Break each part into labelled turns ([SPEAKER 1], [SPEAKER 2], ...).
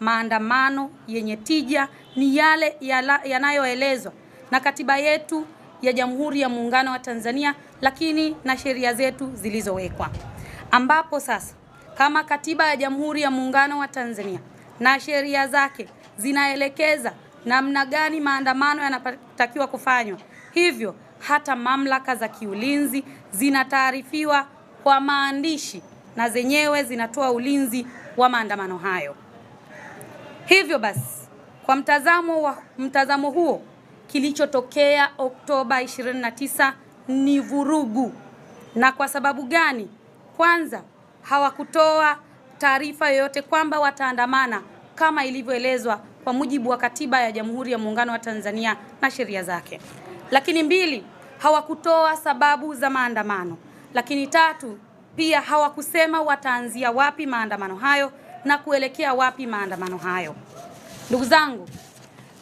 [SPEAKER 1] maandamano yenye tija ni yale yanayoelezwa na katiba yetu ya Jamhuri ya Muungano wa Tanzania, lakini na sheria zetu zilizowekwa, ambapo sasa kama katiba ya Jamhuri ya Muungano wa Tanzania na sheria zake zinaelekeza namna gani maandamano yanatakiwa kufanywa, hivyo hata mamlaka za kiulinzi zinataarifiwa kwa maandishi na zenyewe zinatoa ulinzi wa maandamano hayo. Hivyo basi kwa mtazamo, wa, mtazamo huo kilichotokea Oktoba 29 ni vurugu. Na kwa sababu gani? Kwanza, hawakutoa taarifa yoyote kwamba wataandamana kama ilivyoelezwa kwa mujibu wa katiba ya Jamhuri ya Muungano wa Tanzania na sheria zake. Lakini mbili, hawakutoa sababu za maandamano. Lakini tatu, pia hawakusema wataanzia wapi maandamano hayo na kuelekea wapi maandamano hayo. Ndugu zangu,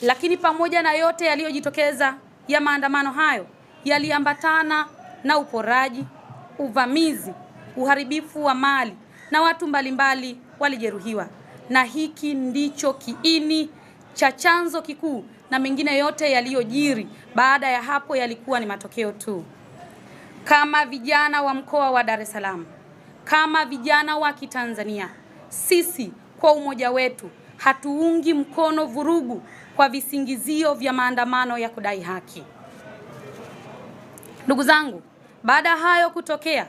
[SPEAKER 1] lakini pamoja na yote yaliyojitokeza ya maandamano hayo yaliambatana na uporaji, uvamizi, uharibifu wa mali na watu mbalimbali walijeruhiwa, na hiki ndicho kiini cha chanzo kikuu, na mengine yote yaliyojiri baada ya hapo yalikuwa ni matokeo tu. Kama vijana wa mkoa wa Dar es Salaam, kama vijana wa Kitanzania sisi kwa umoja wetu hatuungi mkono vurugu kwa visingizio vya maandamano ya kudai haki. Ndugu zangu, baada ya hayo kutokea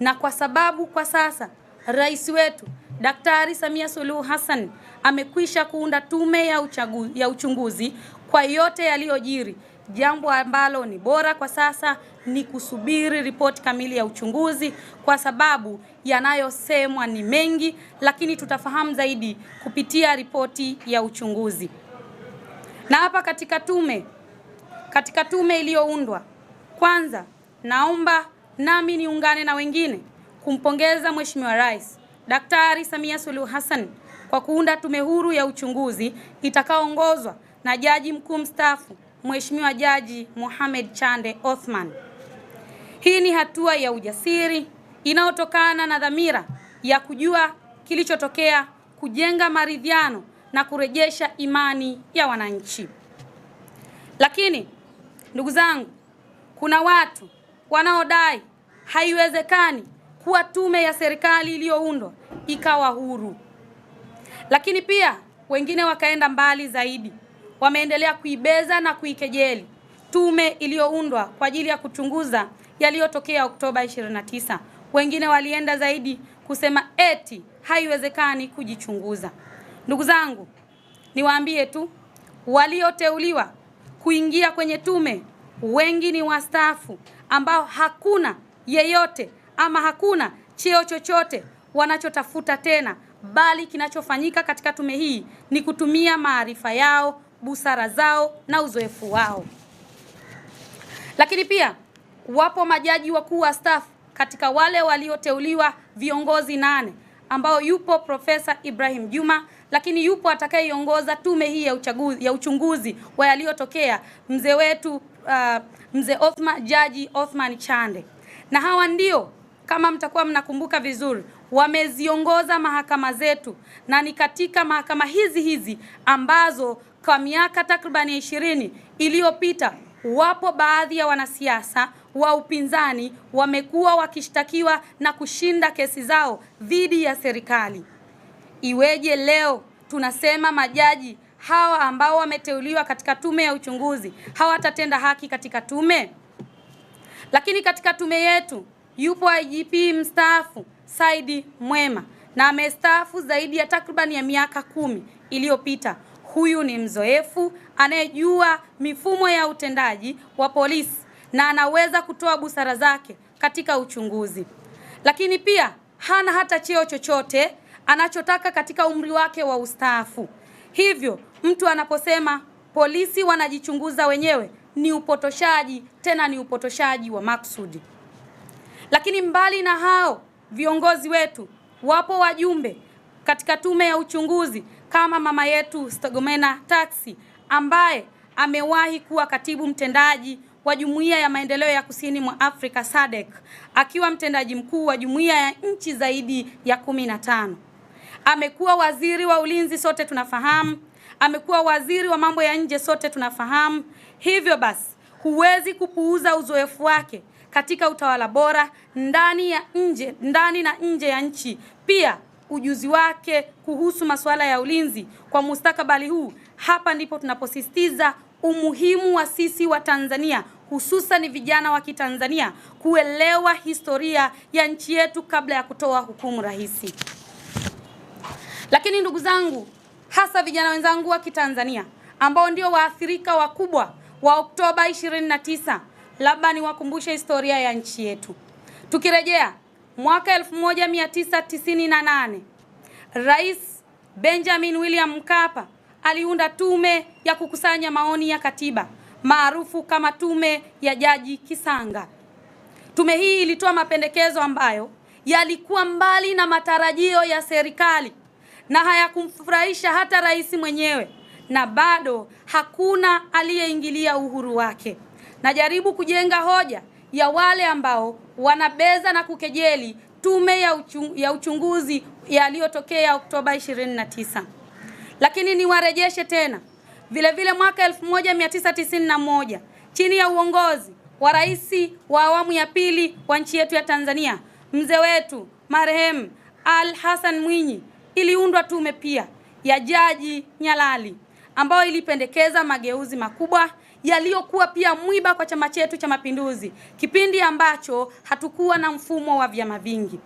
[SPEAKER 1] na kwa sababu kwa sasa rais wetu Daktari Samia Suluhu Hassan amekwisha kuunda tume ya, uchaguzi, ya uchunguzi kwa yote yaliyojiri Jambo ambalo ni bora kwa sasa ni kusubiri ripoti kamili ya uchunguzi, kwa sababu yanayosemwa ni mengi, lakini tutafahamu zaidi kupitia ripoti ya uchunguzi. Na hapa katika tume, katika tume iliyoundwa, kwanza naomba nami niungane na wengine kumpongeza Mheshimiwa Rais Daktari Samia Suluhu Hassan kwa kuunda tume huru ya uchunguzi itakaoongozwa na Jaji Mkuu mstaafu Mheshimiwa Jaji Mohamed Chande Othman. Hii ni hatua ya ujasiri inayotokana na dhamira ya kujua kilichotokea, kujenga maridhiano na kurejesha imani ya wananchi. Lakini ndugu zangu, kuna watu wanaodai haiwezekani kuwa tume ya serikali iliyoundwa ikawa huru. Lakini pia wengine wakaenda mbali zaidi wameendelea kuibeza na kuikejeli tume iliyoundwa kwa ajili ya kuchunguza yaliyotokea Oktoba 29. Wengine walienda zaidi kusema eti haiwezekani kujichunguza. Ndugu zangu, niwaambie tu walioteuliwa kuingia kwenye tume wengi ni wastaafu ambao hakuna yeyote ama hakuna cheo chochote wanachotafuta tena, bali kinachofanyika katika tume hii ni kutumia maarifa yao busara zao na uzoefu wao. Lakini pia wapo majaji wakuu wa staff katika wale walioteuliwa viongozi nane ambao yupo Profesa Ibrahim Juma, lakini yupo atakayeiongoza tume hii ya uchaguzi, ya uchunguzi wa yaliyotokea mzee wetu uh, mzee Othman, jaji Othman Chande, na hawa ndio kama mtakuwa mnakumbuka vizuri wameziongoza mahakama zetu, na ni katika mahakama hizi hizi ambazo kwa miaka takribani ishirini iliyopita, wapo baadhi ya wanasiasa wa upinzani wamekuwa wakishtakiwa na kushinda kesi zao dhidi ya serikali. Iweje leo tunasema majaji hawa ambao wameteuliwa katika tume ya uchunguzi hawatatenda haki katika tume? Lakini katika tume yetu yupo IGP mstaafu Saidi Mwema na amestaafu zaidi ya takribani ya miaka kumi iliyopita huyu ni mzoefu anayejua mifumo ya utendaji wa polisi na anaweza kutoa busara zake katika uchunguzi, lakini pia hana hata cheo chochote anachotaka katika umri wake wa ustaafu. Hivyo mtu anaposema polisi wanajichunguza wenyewe ni upotoshaji, tena ni upotoshaji wa maksudi. Lakini mbali na hao viongozi wetu, wapo wajumbe katika tume ya uchunguzi kama mama yetu Stergomena Tax ambaye amewahi kuwa katibu mtendaji wa Jumuiya ya Maendeleo ya Kusini mwa Afrika SADC akiwa mtendaji mkuu wa jumuiya ya nchi zaidi ya kumi na tano. Amekuwa waziri wa ulinzi, sote tunafahamu. Amekuwa waziri wa mambo ya nje, sote tunafahamu. Hivyo basi, huwezi kupuuza uzoefu wake katika utawala bora ndani ya nje, ndani na nje ya nchi. Pia ujuzi wake kuhusu masuala ya ulinzi kwa mustakabali huu. Hapa ndipo tunaposisitiza umuhimu wa sisi wa Tanzania hususan ni vijana wa Kitanzania kuelewa historia ya nchi yetu kabla ya kutoa hukumu rahisi. Lakini ndugu zangu, hasa vijana wenzangu wa Kitanzania ambao ndio waathirika wakubwa wa Oktoba 29, labda niwakumbushe historia ya nchi yetu tukirejea mwaka 1998 Rais Benjamin William Mkapa aliunda tume ya kukusanya maoni ya katiba maarufu kama tume ya Jaji Kisanga. Tume hii ilitoa mapendekezo ambayo yalikuwa mbali na matarajio ya serikali na hayakumfurahisha hata rais mwenyewe, na bado hakuna aliyeingilia uhuru wake. Najaribu kujenga hoja ya wale ambao wanabeza na kukejeli tume ya, uchung, ya uchunguzi yaliyotokea Oktoba 29. Lakini niwarejeshe tena vilevile vile mwaka 1991 chini ya uongozi wa rais wa awamu ya pili wa nchi yetu ya Tanzania, mzee wetu marehemu Al Hassan Mwinyi, iliundwa tume pia ya Jaji Nyalali ambayo ilipendekeza mageuzi makubwa yaliyokuwa pia mwiba kwa chama chetu cha Mapinduzi, kipindi ambacho hatukuwa na mfumo wa vyama vingi.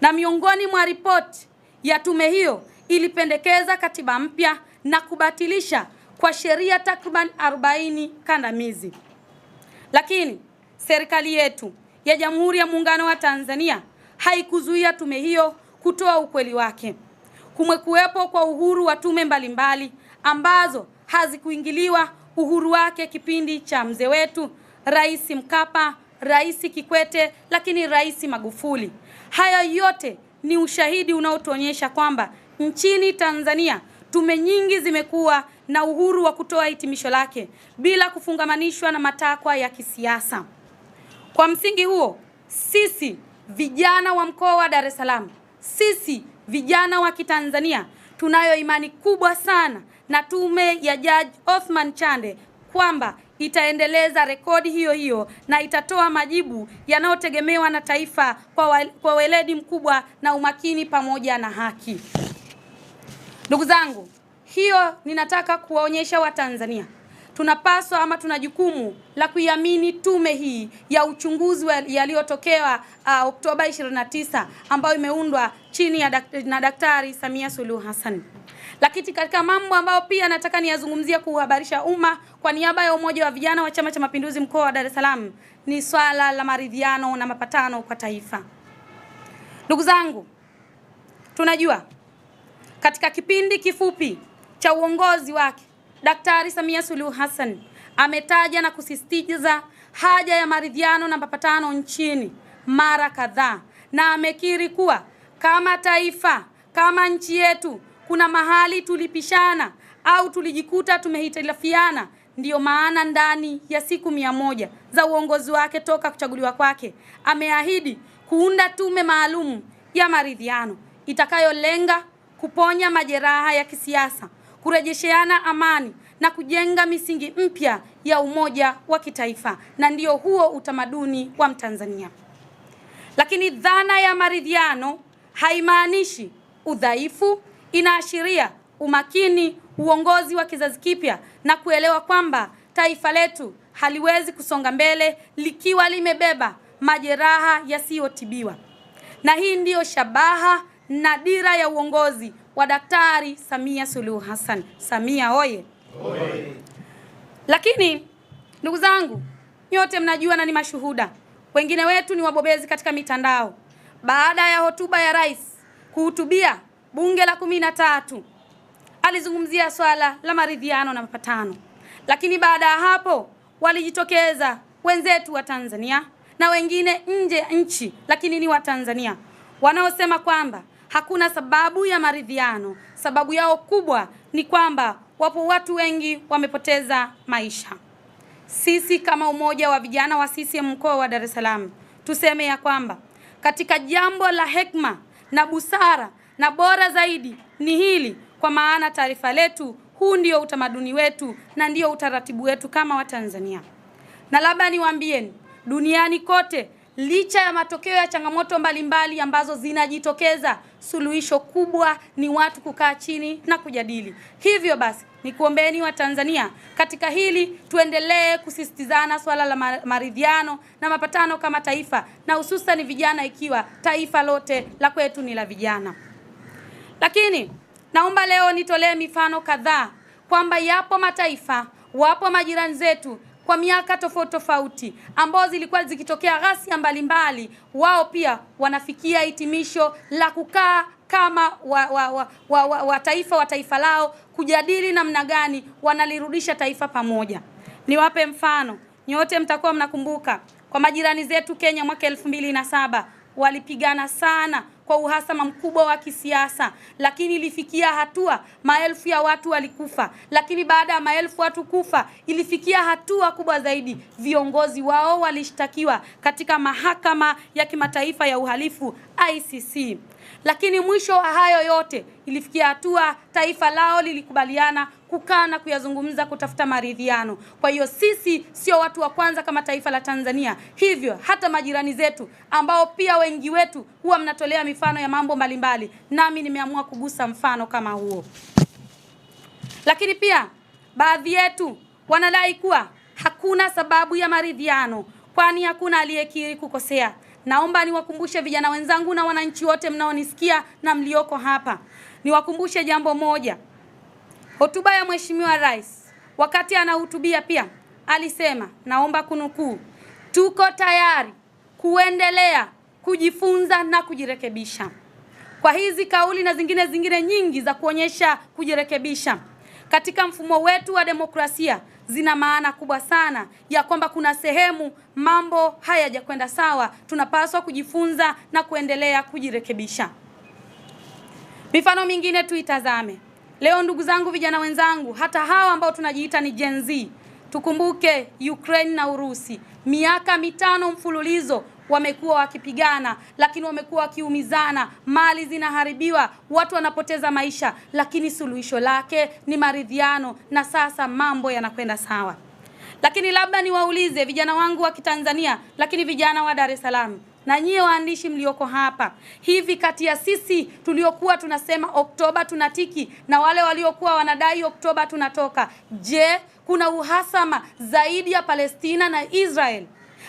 [SPEAKER 1] Na miongoni mwa ripoti ya tume hiyo ilipendekeza katiba mpya na kubatilisha kwa sheria takriban 40 kandamizi. Lakini serikali yetu ya Jamhuri ya Muungano wa Tanzania haikuzuia tume hiyo kutoa ukweli wake. Kumekuwepo kwa uhuru wa tume mbalimbali ambazo hazikuingiliwa uhuru wake kipindi cha mzee wetu Rais Mkapa, Rais Kikwete, lakini Rais Magufuli. Hayo yote ni ushahidi unaotuonyesha kwamba nchini Tanzania tume nyingi zimekuwa na uhuru wa kutoa hitimisho lake bila kufungamanishwa na matakwa ya kisiasa. Kwa msingi huo, sisi vijana wa mkoa wa Dar es Salaam, sisi vijana wa Kitanzania tunayo imani kubwa sana na tume ya Jaji Othman Chande kwamba itaendeleza rekodi hiyo hiyo na itatoa majibu yanayotegemewa na taifa kwa weledi mkubwa na umakini pamoja na haki. Ndugu zangu, hiyo ninataka kuwaonyesha Watanzania tunapaswa ama tuna jukumu la kuiamini tume hii ya uchunguzi yaliyotokewa uh, Oktoba 29 ambayo imeundwa chini ya dak na Daktari Samia Suluhu Hassan. Lakini katika mambo ambayo pia nataka niyazungumzia kuhabarisha umma kwa niaba ya Umoja wa Vijana wa Chama cha Mapinduzi mkoa wa Dar es Salaam ni swala la maridhiano na mapatano kwa taifa. Ndugu zangu, tunajua katika kipindi kifupi cha uongozi wake Daktari Samia Suluhu Hassan ametaja na kusisitiza haja ya maridhiano na mapatano nchini mara kadhaa, na amekiri kuwa kama taifa, kama nchi yetu kuna mahali tulipishana au tulijikuta tumehitilafiana. Ndiyo maana ndani ya siku mia moja za uongozi wake toka kuchaguliwa kwake ameahidi kuunda tume maalum ya maridhiano itakayolenga kuponya majeraha ya kisiasa, kurejesheana amani na kujenga misingi mpya ya umoja wa kitaifa, na ndiyo huo utamaduni wa Mtanzania. Lakini dhana ya maridhiano haimaanishi udhaifu inaashiria umakini, uongozi wa kizazi kipya na kuelewa kwamba taifa letu haliwezi kusonga mbele likiwa limebeba majeraha yasiyotibiwa. Na hii ndiyo shabaha na dira ya uongozi wa Daktari Samia Suluhu Hassan. Samia oye, oye! Lakini ndugu zangu, nyote mnajua na ni mashuhuda, wengine wetu ni wabobezi katika mitandao. Baada ya hotuba ya rais kuhutubia bunge la kumi na tatu alizungumzia swala la maridhiano na mapatano, lakini baada ya hapo walijitokeza wenzetu wa Tanzania na wengine nje ya nchi, lakini ni wa Tanzania wanaosema kwamba hakuna sababu ya maridhiano. Sababu yao kubwa ni kwamba wapo watu wengi wamepoteza maisha. Sisi kama umoja wa vijana wa CCM mkoa wa Dar es Salaam tuseme ya kwamba katika jambo la hekma na busara na bora zaidi ni hili, kwa maana taifa letu, huu ndio utamaduni wetu na ndio utaratibu wetu kama Watanzania. Na labda niwaambieni, duniani kote, licha ya matokeo ya changamoto mbalimbali mbali ambazo zinajitokeza, suluhisho kubwa ni watu kukaa chini na kujadili. Hivyo basi nikuombeeni Watanzania, katika hili tuendelee kusisitizana swala la maridhiano na mapatano kama taifa, na hususan vijana, ikiwa taifa lote la kwetu ni la vijana. Lakini naomba leo nitolee mifano kadhaa kwamba yapo mataifa, wapo majirani zetu kwa miaka tofauti tofauti ambao zilikuwa zikitokea ghasia mbalimbali, wao pia wanafikia hitimisho la kukaa kama wa, wa, wa, wa, wa, wa taifa wa taifa lao kujadili namna gani wanalirudisha taifa pamoja. Niwape mfano, nyote mtakuwa mnakumbuka kwa majirani zetu Kenya mwaka elfu mbili na saba walipigana sana kwa uhasama mkubwa wa kisiasa, lakini ilifikia hatua maelfu ya watu walikufa. Lakini baada ya maelfu watu kufa, ilifikia hatua kubwa zaidi, viongozi wao walishtakiwa katika mahakama ya kimataifa ya uhalifu ICC. Lakini mwisho wa hayo yote, ilifikia hatua taifa lao lilikubaliana kukaa na kuyazungumza, kutafuta maridhiano. Kwa hiyo sisi sio watu wa kwanza kama taifa la Tanzania, hivyo hata majirani zetu ambao pia wengi wetu huwa mnatolea mifano ya mambo mbalimbali, nami nimeamua kugusa mfano kama huo. Lakini pia baadhi yetu wanadai kuwa hakuna sababu ya maridhiano, kwani hakuna aliyekiri kukosea. Naomba niwakumbushe vijana wenzangu na wananchi wote mnaonisikia na mlioko hapa, niwakumbushe jambo moja. Hotuba ya Mheshimiwa Rais wakati anahutubia pia alisema, naomba kunukuu, tuko tayari kuendelea kujifunza na kujirekebisha. Kwa hizi kauli na zingine zingine nyingi za kuonyesha kujirekebisha katika mfumo wetu wa demokrasia zina maana kubwa sana ya kwamba kuna sehemu mambo hayajakwenda sawa, tunapaswa kujifunza na kuendelea kujirekebisha. Mifano mingine tuitazame. Leo ndugu zangu, vijana wenzangu, hata hawa ambao tunajiita ni Gen Z, tukumbuke Ukraine na Urusi miaka mitano mfululizo wamekuwa wakipigana, lakini wamekuwa wakiumizana, mali zinaharibiwa, watu wanapoteza maisha, lakini suluhisho lake ni maridhiano, na sasa mambo yanakwenda sawa. Lakini labda niwaulize vijana wangu wa Kitanzania, lakini vijana wa Dar es Salaam, na nyie waandishi mlioko hapa, hivi kati ya sisi tuliokuwa tunasema Oktoba tunatiki na wale waliokuwa wanadai Oktoba tunatoka, je, kuna uhasama zaidi ya Palestina na Israel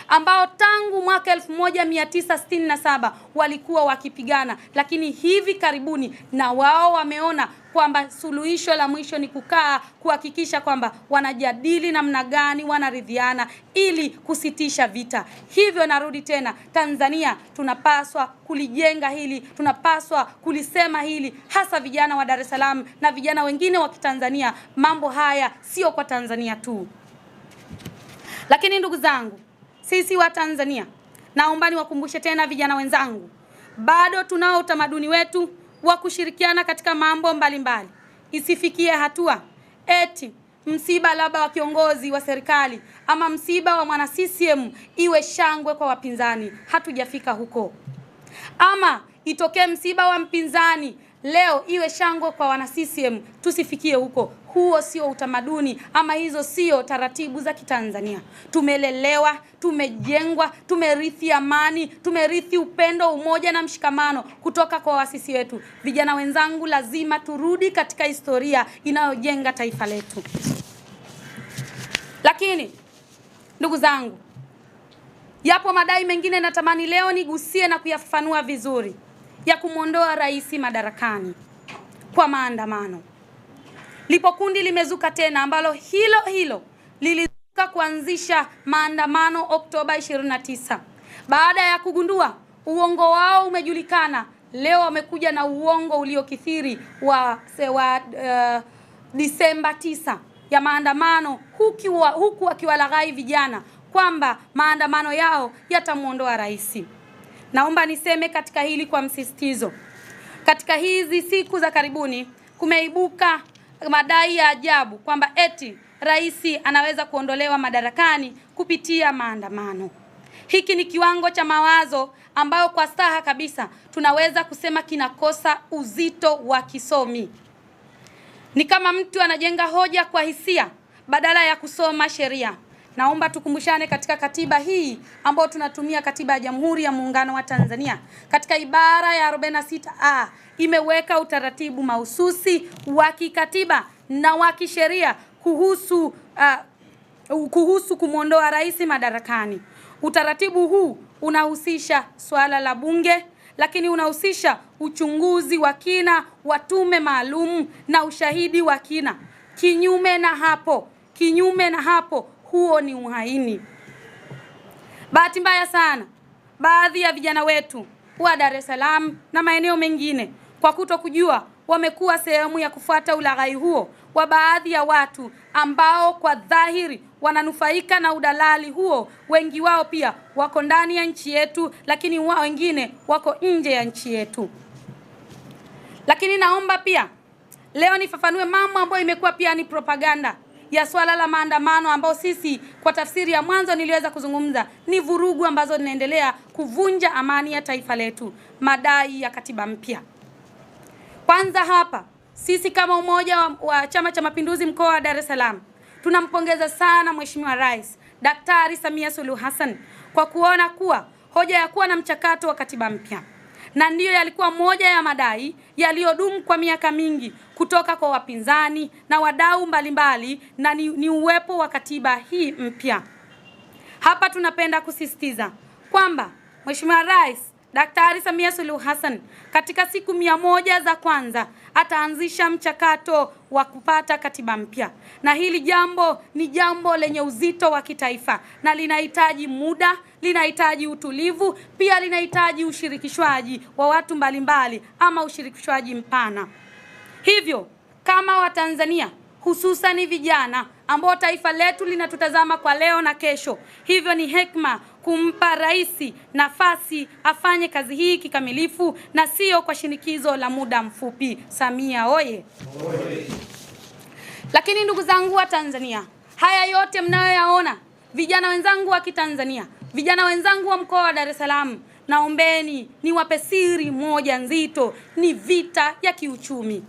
[SPEAKER 1] ambao tangu mwaka 1967 walikuwa wakipigana, lakini hivi karibuni na wao wameona kwamba suluhisho la mwisho ni kukaa kuhakikisha kwamba wanajadili namna gani wanaridhiana ili kusitisha vita. Hivyo narudi tena, Tanzania tunapaswa kulijenga hili, tunapaswa kulisema hili, hasa vijana wa Dar es Salaam na vijana wengine wa Kitanzania. Mambo haya sio kwa Tanzania tu, lakini ndugu zangu, sisi wa Tanzania, naomba niwakumbushe tena vijana wenzangu, bado tunao utamaduni wetu wa kushirikiana katika mambo mbalimbali mbali. Isifikie hatua eti msiba labda wa kiongozi wa serikali ama msiba wa mwana CCM iwe shangwe kwa wapinzani. Hatujafika huko, ama itokee msiba wa mpinzani Leo iwe shangwe kwa wana CCM, tusifikie huko. Huo sio utamaduni ama hizo sio taratibu za Kitanzania. Tumelelewa, tumejengwa, tumerithi amani, tumerithi upendo, umoja na mshikamano kutoka kwa waasisi wetu. Vijana wenzangu, lazima turudi katika historia inayojenga taifa letu. Lakini ndugu zangu, yapo madai mengine natamani leo nigusie na kuyafafanua vizuri ya kumwondoa rais madarakani kwa maandamano. Lipo kundi limezuka tena ambalo hilo hilo lilizuka kuanzisha maandamano Oktoba 29 baada ya kugundua uongo wao umejulikana. Leo wamekuja na uongo uliokithiri wa, wa uh, Disemba 9 ya maandamano huku wakiwalaghai vijana kwamba maandamano yao yatamwondoa rais. Naomba niseme katika hili kwa msisitizo. Katika hizi siku za karibuni kumeibuka madai ya ajabu kwamba eti rais anaweza kuondolewa madarakani kupitia maandamano. Hiki ni kiwango cha mawazo ambayo kwa staha kabisa tunaweza kusema kinakosa uzito wa kisomi. Ni kama mtu anajenga hoja kwa hisia badala ya kusoma sheria. Naomba tukumbushane katika katiba hii ambayo tunatumia, katiba ya Jamhuri ya Muungano wa Tanzania, katika ibara ya 46A imeweka utaratibu mahususi wa kikatiba na wa kisheria kuhusu uh, kuhusu kumwondoa rais madarakani. Utaratibu huu unahusisha swala la bunge lakini unahusisha uchunguzi wa kina wa tume maalum na ushahidi wa kina. Kinyume na hapo, kinyume na hapo huo ni uhaini. Bahati mbaya sana, baadhi ya vijana wetu wa Dar es Salaam na maeneo mengine, kwa kuto kujua, wamekuwa sehemu ya kufuata ulaghai huo wa baadhi ya watu ambao kwa dhahiri wananufaika na udalali huo. Wengi wao pia wako ndani ya nchi yetu, lakini wao wengine wako nje ya nchi yetu. Lakini naomba pia leo nifafanue mambo ambayo imekuwa pia ni propaganda ya swala la maandamano ambao sisi kwa tafsiri ya mwanzo niliweza kuzungumza ni vurugu ambazo zinaendelea kuvunja amani ya taifa letu, madai ya katiba mpya. Kwanza hapa sisi kama umoja wa, wa Chama cha Mapinduzi mkoa wa Dar es Salaam tunampongeza sana Mheshimiwa Rais Daktari Samia Suluhu Hassan kwa kuona kuwa hoja ya kuwa na mchakato wa katiba mpya na ndiyo yalikuwa moja ya madai yaliyodumu kwa miaka mingi kutoka kwa wapinzani na wadau mbalimbali, na ni, ni uwepo wa katiba hii mpya. Hapa tunapenda kusisitiza kwamba Mheshimiwa Rais Daktari Samia Suluhu Hassan katika siku mia moja za kwanza ataanzisha mchakato wa kupata katiba mpya, na hili jambo ni jambo lenye uzito wa kitaifa na linahitaji muda linahitaji utulivu, pia linahitaji ushirikishwaji wa watu mbalimbali ama ushirikishwaji mpana. Hivyo kama Watanzania hususan vijana ambao taifa letu linatutazama kwa leo na kesho, hivyo ni hekima kumpa rais nafasi afanye kazi hii kikamilifu na sio kwa shinikizo la muda mfupi. Samia oye! Oye! Lakini ndugu zangu wa Tanzania, haya yote mnayoyaona vijana wenzangu wa Kitanzania Vijana wenzangu wa mkoa wa Dar es Salaam, naombeni niwape siri moja nzito, ni vita ya kiuchumi.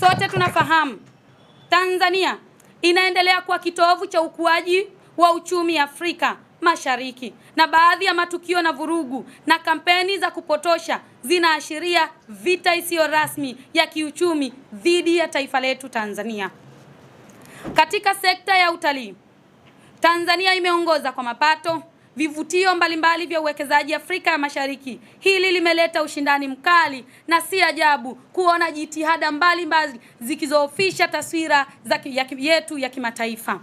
[SPEAKER 1] Sote tunafahamu Tanzania inaendelea kuwa kitovu cha ukuaji wa uchumi Afrika Mashariki, na baadhi ya matukio na vurugu na kampeni za kupotosha zinaashiria vita isiyo rasmi ya kiuchumi dhidi ya taifa letu Tanzania. Katika sekta ya utalii Tanzania imeongoza kwa mapato, vivutio mbalimbali vya uwekezaji Afrika ya Mashariki. Hili limeleta ushindani mkali na si ajabu kuona jitihada mbalimbali zikizoofisha taswira za yetu ya kimataifa.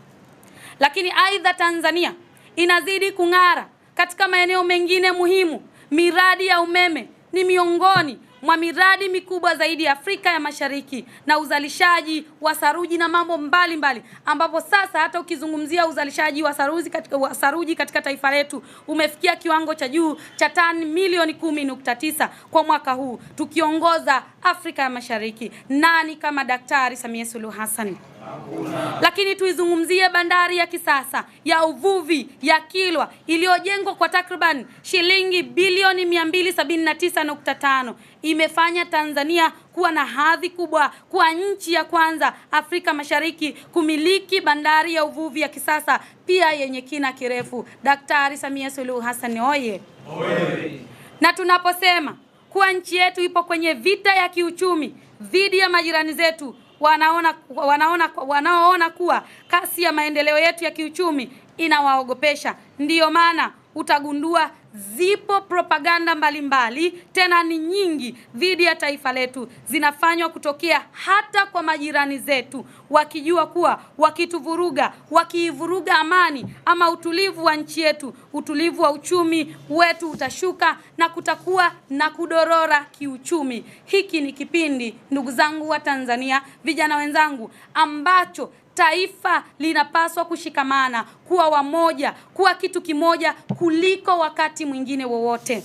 [SPEAKER 1] Lakini aidha, Tanzania inazidi kung'ara katika maeneo mengine muhimu. Miradi ya umeme ni miongoni mwa miradi mikubwa zaidi ya Afrika ya Mashariki na uzalishaji wa saruji na mambo mbalimbali mbali, ambapo sasa hata ukizungumzia uzalishaji wa saruji katika, wa saruji katika taifa letu umefikia kiwango cha juu cha tani milioni kumi nukta tisa kwa mwaka huu tukiongoza Afrika ya Mashariki. Nani kama Daktari Samia Suluhu Hassan? Lakini tuizungumzie bandari ya kisasa ya uvuvi ya Kilwa iliyojengwa kwa takriban shilingi bilioni 279.5 imefanya Tanzania kuwa na hadhi kubwa, kuwa nchi ya kwanza Afrika Mashariki kumiliki bandari ya uvuvi ya kisasa pia yenye kina kirefu. Daktari Samia Suluhu Hassan oye! Na tunaposema kuwa nchi yetu ipo kwenye vita ya kiuchumi dhidi ya majirani zetu, wanaona wanaona wanaoona kuwa kasi ya maendeleo yetu ya kiuchumi inawaogopesha. Ndiyo maana utagundua Zipo propaganda mbalimbali mbali, tena ni nyingi dhidi ya taifa letu, zinafanywa kutokea hata kwa majirani zetu, wakijua kuwa wakituvuruga, wakiivuruga amani ama utulivu wa nchi yetu, utulivu wa uchumi wetu utashuka na kutakuwa na kudorora kiuchumi. Hiki ni kipindi, ndugu zangu wa Tanzania, vijana wenzangu, ambacho Taifa linapaswa kushikamana, kuwa wamoja, kuwa kitu kimoja kuliko wakati mwingine wowote.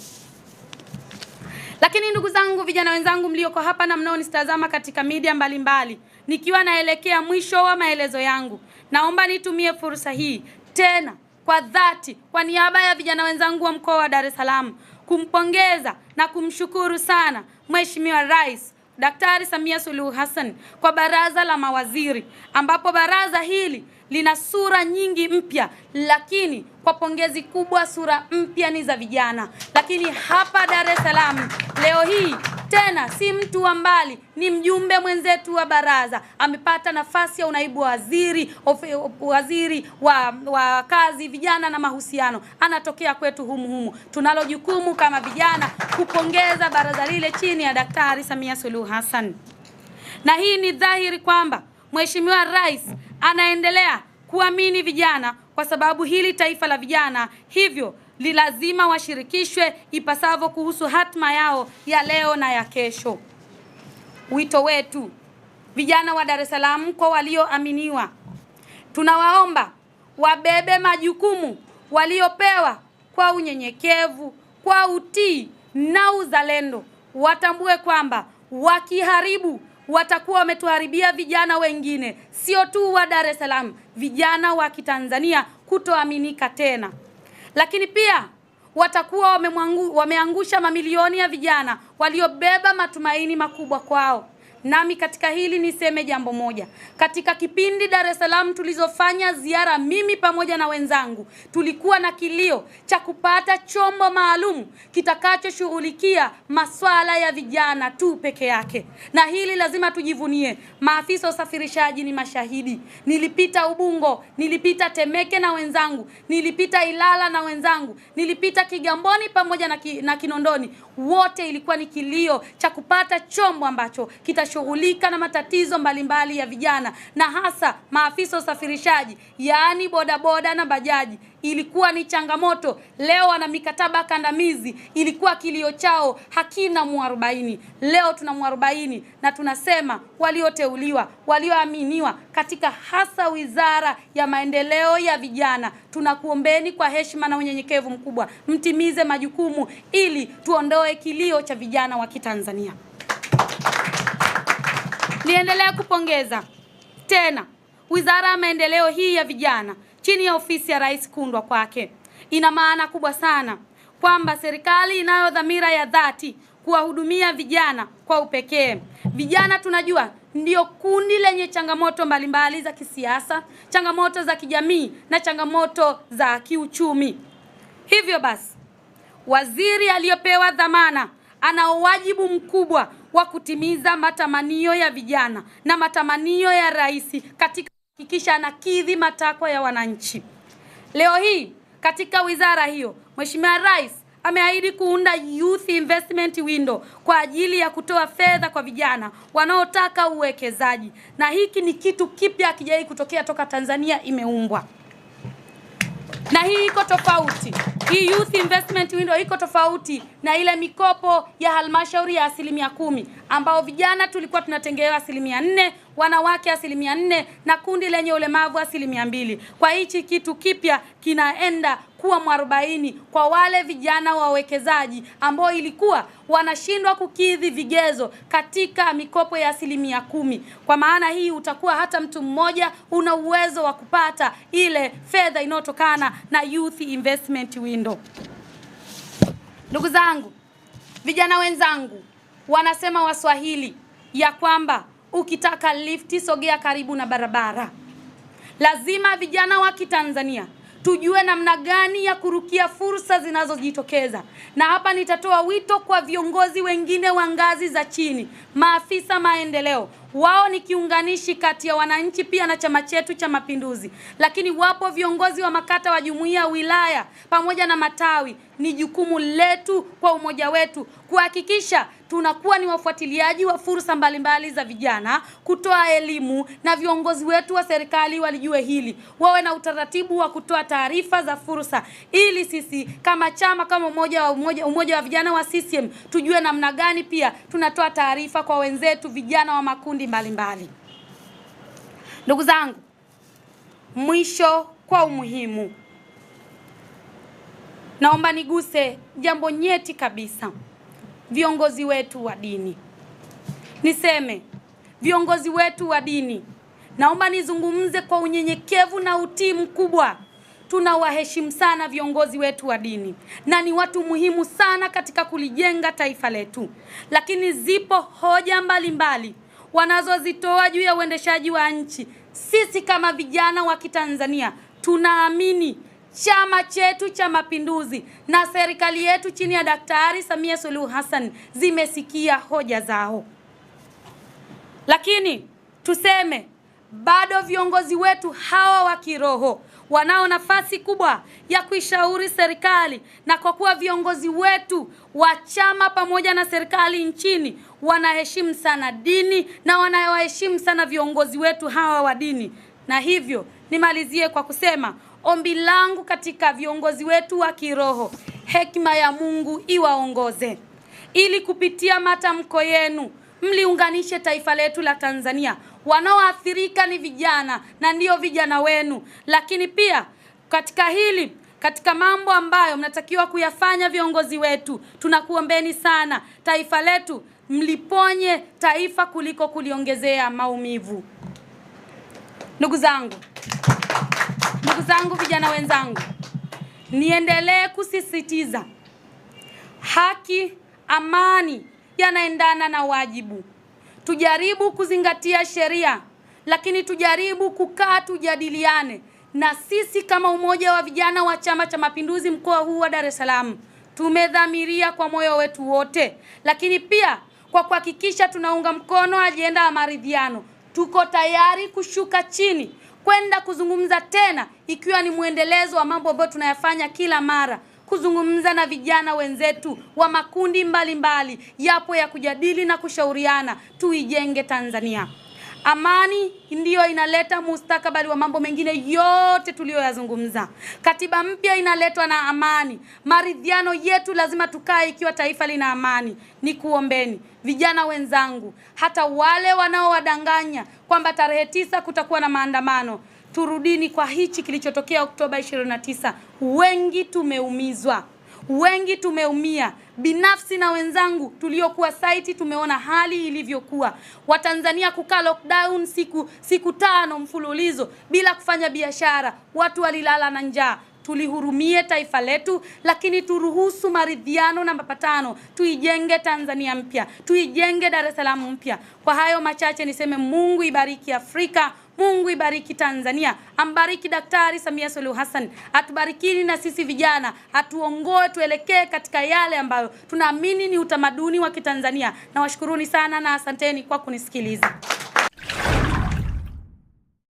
[SPEAKER 1] Lakini ndugu zangu, vijana wenzangu mlioko hapa na mnaonitazama katika media mbalimbali, nikiwa naelekea mwisho wa maelezo yangu, naomba nitumie fursa hii tena kwa dhati, kwa niaba ya vijana wenzangu wa mkoa wa Dar es Salaam kumpongeza na kumshukuru sana Mheshimiwa Rais Daktari Samia Suluhu Hassan kwa baraza la mawaziri ambapo baraza hili lina sura nyingi mpya, lakini kwa pongezi kubwa sura mpya ni za vijana. Lakini hapa Dar es Salaam leo hii tena si mtu wa mbali, ni mjumbe mwenzetu wa baraza amepata nafasi ya unaibu waziri of, waziri wa, wa kazi, vijana na mahusiano, anatokea kwetu humu humu. Tunalo jukumu kama vijana kupongeza baraza lile chini ya Daktari Samia Suluhu Hassan, na hii ni dhahiri kwamba Mheshimiwa Rais anaendelea kuamini vijana kwa sababu hili taifa la vijana, hivyo ni lazima washirikishwe ipasavyo kuhusu hatma yao ya leo na ya kesho. Wito wetu vijana wa Dar es Salaam kwa walioaminiwa, tunawaomba wabebe majukumu waliopewa kwa unyenyekevu, kwa utii na uzalendo. Watambue kwamba wakiharibu watakuwa wametuharibia vijana wengine, sio tu wa Dar es Salaam, vijana wa Kitanzania kutoaminika tena. Lakini pia watakuwa wameangusha mamilioni ya vijana waliobeba matumaini makubwa kwao. Nami katika hili niseme jambo moja. Katika kipindi Dar es Salaam tulizofanya ziara, mimi pamoja na wenzangu, tulikuwa na kilio cha kupata chombo maalum kitakachoshughulikia maswala ya vijana tu peke yake, na hili lazima tujivunie. Maafisa usafirishaji ni mashahidi. Nilipita Ubungo, nilipita Temeke na wenzangu, nilipita Ilala na wenzangu, nilipita Kigamboni pamoja na, ki, na Kinondoni. Wote ilikuwa ni kilio cha kupata chombo ambacho kita yanashughulika na matatizo mbalimbali mbali ya vijana na hasa maafisa usafirishaji, yaani bodaboda na bajaji ilikuwa ni changamoto. Leo wana mikataba kandamizi, ilikuwa kilio chao, hakina mwarobaini. Leo tuna mwarobaini na tunasema walioteuliwa, walioaminiwa katika hasa wizara ya maendeleo ya vijana, tunakuombeni kwa heshima na unyenyekevu mkubwa, mtimize majukumu ili tuondoe kilio cha vijana wa Kitanzania liendelea kupongeza tena Wizara ya Maendeleo hii ya vijana chini ya ofisi ya Rais Kundwa kwake ina maana kubwa sana kwamba serikali inayo dhamira ya dhati kuwahudumia vijana kwa upekee. Vijana tunajua ndiyo kundi lenye changamoto mbalimbali za kisiasa, changamoto za kijamii na changamoto za kiuchumi. Hivyo basi, waziri aliyopewa dhamana ana wajibu mkubwa wa kutimiza matamanio ya vijana na matamanio ya rais katika kuhakikisha anakidhi matakwa ya wananchi. Leo hii katika wizara hiyo, Mheshimiwa Rais ameahidi kuunda Youth Investment Window kwa ajili ya kutoa fedha kwa vijana wanaotaka uwekezaji, na hiki ni kitu kipya, akijai kutokea toka Tanzania imeumbwa na hii iko tofauti. Hii youth investment window iko tofauti na ile mikopo ya halmashauri ya asilimia kumi ambao vijana tulikuwa tunatengewa asilimia nne wanawake asilimia nne na kundi lenye ulemavu asilimia mbili. Kwa hichi kitu kipya kinaenda kuwa mwarobaini kwa wale vijana wawekezaji ambao ilikuwa wanashindwa kukidhi vigezo katika mikopo ya asilimia kumi. Kwa maana hii utakuwa hata mtu mmoja una uwezo wa kupata ile fedha inayotokana na Youth Investment Window. Ndugu zangu, vijana wenzangu, wanasema Waswahili ya kwamba Ukitaka lifti, sogea karibu na barabara. Lazima vijana wa Kitanzania tujue namna gani ya kurukia fursa zinazojitokeza, na hapa nitatoa wito kwa viongozi wengine wa ngazi za chini, maafisa maendeleo wao ni kiunganishi kati ya wananchi pia na chama chetu cha Mapinduzi, lakini wapo viongozi wa makata wa jumuiya, wilaya pamoja na matawi. Ni jukumu letu kwa umoja wetu kuhakikisha tunakuwa ni wafuatiliaji wa fursa mbalimbali za vijana, kutoa elimu, na viongozi wetu wa serikali walijue hili, wawe na utaratibu wa kutoa taarifa za fursa, ili sisi kama chama, kama umoja wa umoja, umoja wa vijana wa CCM tujue namna gani pia tunatoa taarifa kwa wenzetu vijana wa makundi makundi mbalimbali Ndugu zangu, mwisho kwa umuhimu, naomba niguse jambo nyeti kabisa, viongozi wetu wa dini. Niseme viongozi wetu wa dini, naomba nizungumze kwa unyenyekevu na utii mkubwa. Tunawaheshimu sana viongozi wetu wa dini na ni watu muhimu sana katika kulijenga taifa letu, lakini zipo hoja mbalimbali mbali wanazozitoa juu ya uendeshaji wa nchi. Sisi kama vijana wa Kitanzania tunaamini chama chetu cha Mapinduzi na serikali yetu chini ya Daktari Samia Suluhu Hassan zimesikia hoja zao, lakini tuseme bado viongozi wetu hawa wa kiroho wanao nafasi kubwa ya kuishauri serikali, na kwa kuwa viongozi wetu wa chama pamoja na serikali nchini wanaheshimu sana dini na wanawaheshimu sana viongozi wetu hawa wa dini, na hivyo nimalizie kwa kusema ombi langu katika viongozi wetu wa kiroho, hekima ya Mungu iwaongoze ili kupitia matamko yenu mliunganishe taifa letu la Tanzania Wanaoathirika ni vijana na ndio vijana wenu. Lakini pia katika hili katika mambo ambayo mnatakiwa kuyafanya, viongozi wetu, tunakuombeni sana, taifa letu mliponye taifa kuliko kuliongezea maumivu. Ndugu zangu, ndugu zangu, vijana wenzangu, niendelee kusisitiza haki, amani yanaendana na wajibu tujaribu kuzingatia sheria, lakini tujaribu kukaa tujadiliane, na sisi kama umoja wa vijana wa Chama cha Mapinduzi mkoa huu wa Dar es Salaam tumedhamiria kwa moyo wetu wote, lakini pia kwa kuhakikisha tunaunga mkono ajenda ya maridhiano. Tuko tayari kushuka chini kwenda kuzungumza tena, ikiwa ni mwendelezo wa mambo ambayo tunayafanya kila mara kuzungumza na vijana wenzetu wa makundi mbalimbali mbali, yapo ya kujadili na kushauriana, tuijenge Tanzania. Amani ndiyo inaleta mustakabali wa mambo mengine yote tuliyoyazungumza. Katiba mpya inaletwa na amani. Maridhiano yetu lazima tukae ikiwa taifa lina amani. Ni kuombeni vijana wenzangu, hata wale wanaowadanganya kwamba tarehe tisa kutakuwa na maandamano turudini kwa hichi kilichotokea Oktoba 29. Wengi tumeumizwa, wengi tumeumia, binafsi na wenzangu tuliokuwa saiti, tumeona hali ilivyokuwa. Watanzania kukaa lockdown siku, siku tano mfululizo bila kufanya biashara, watu walilala na njaa. Tulihurumie taifa letu, lakini turuhusu maridhiano na mapatano. Tuijenge Tanzania mpya, tuijenge Dar es Salaam mpya. Kwa hayo machache niseme Mungu ibariki Afrika. Mungu ibariki Tanzania, ambariki Daktari Samia Suluhu Hassan, atubarikini na sisi vijana, atuongoe tuelekee katika yale ambayo tunaamini ni utamaduni wa Kitanzania. Nawashukuruni sana na asanteni kwa kunisikiliza.